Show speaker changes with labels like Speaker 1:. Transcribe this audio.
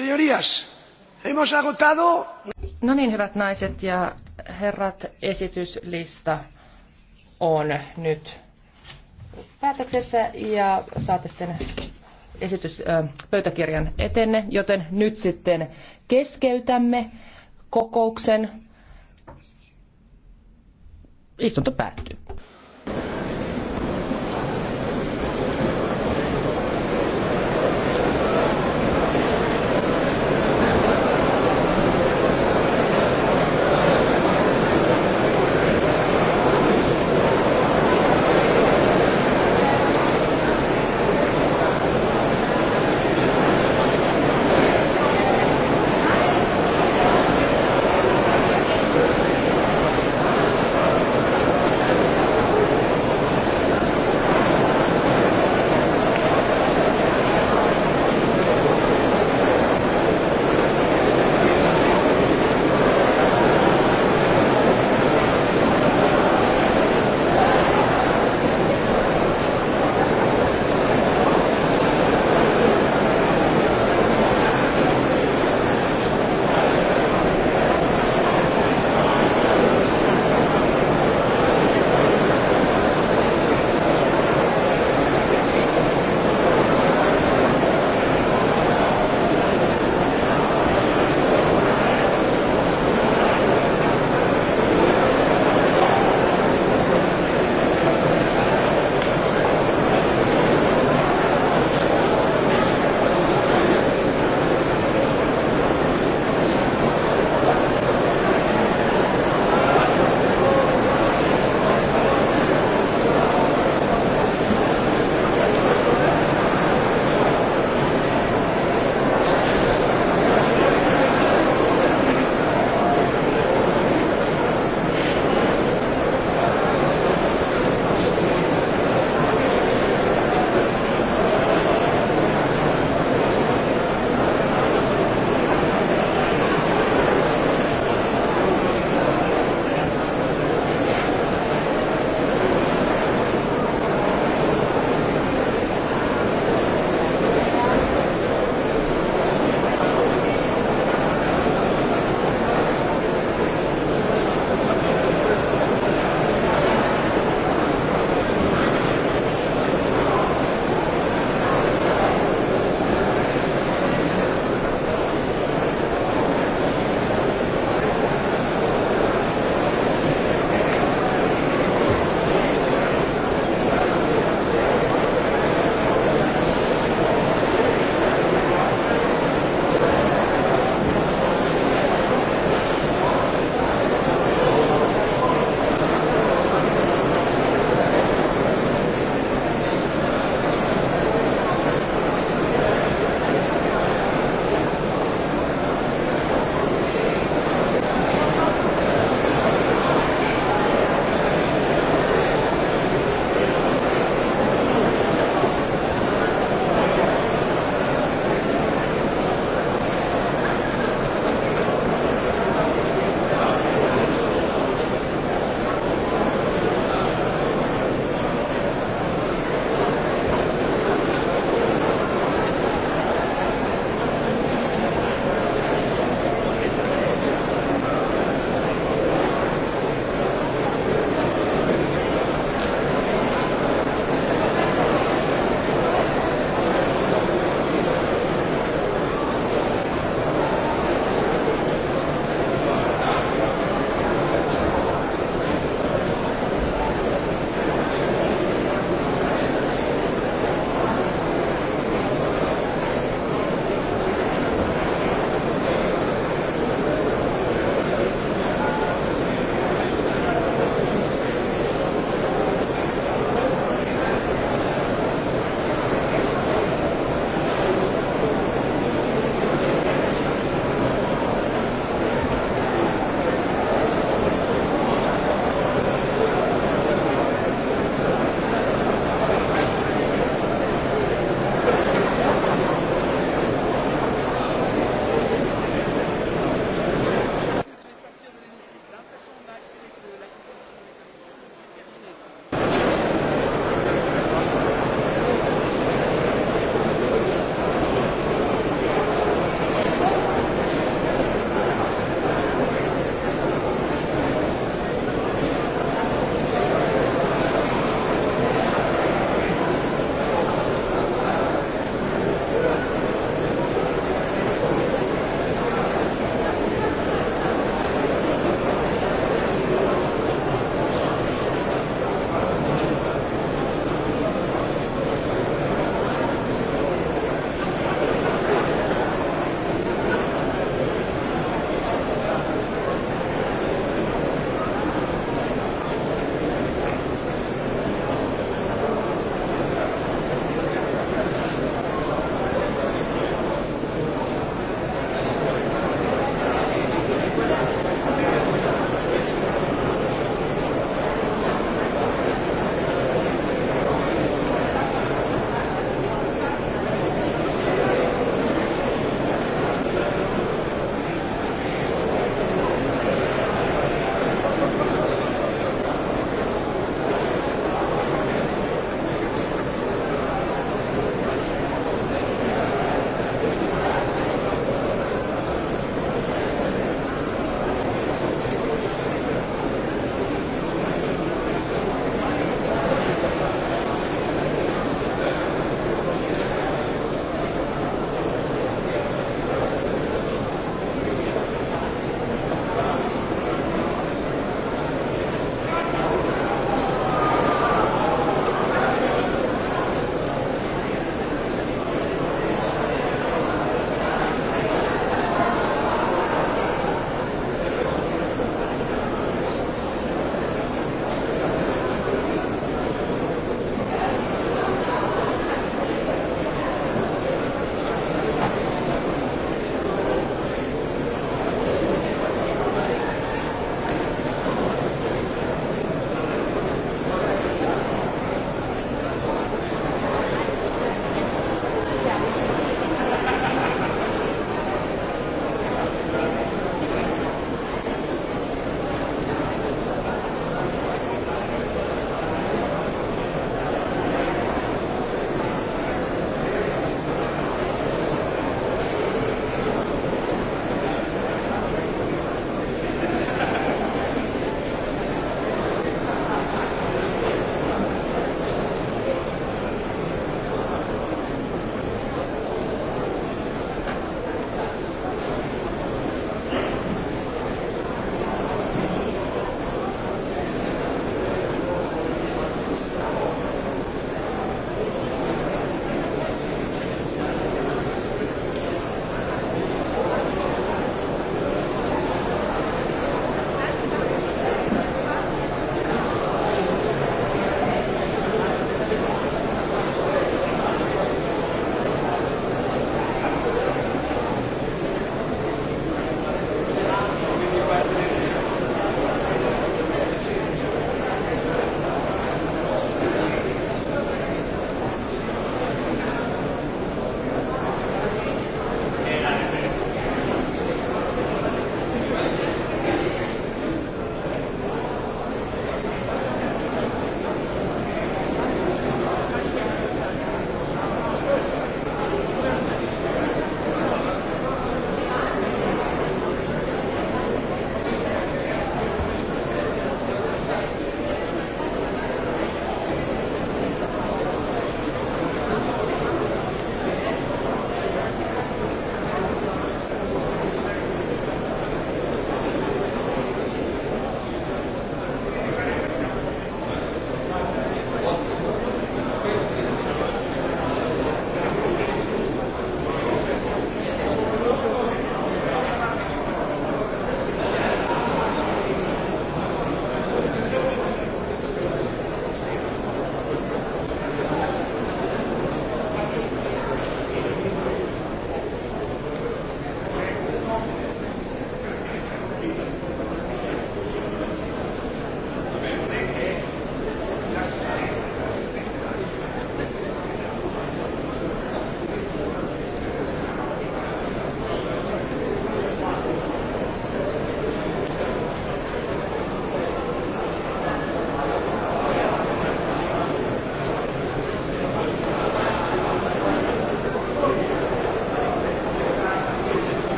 Speaker 1: Señorías, hemos agotado... No niin, hyvät naiset ja herrat, esityslista on nyt päätöksessä ja saatte sitten esitys, pöytäkirjan etenne, joten nyt sitten keskeytämme kokouksen. Istunto päättyy.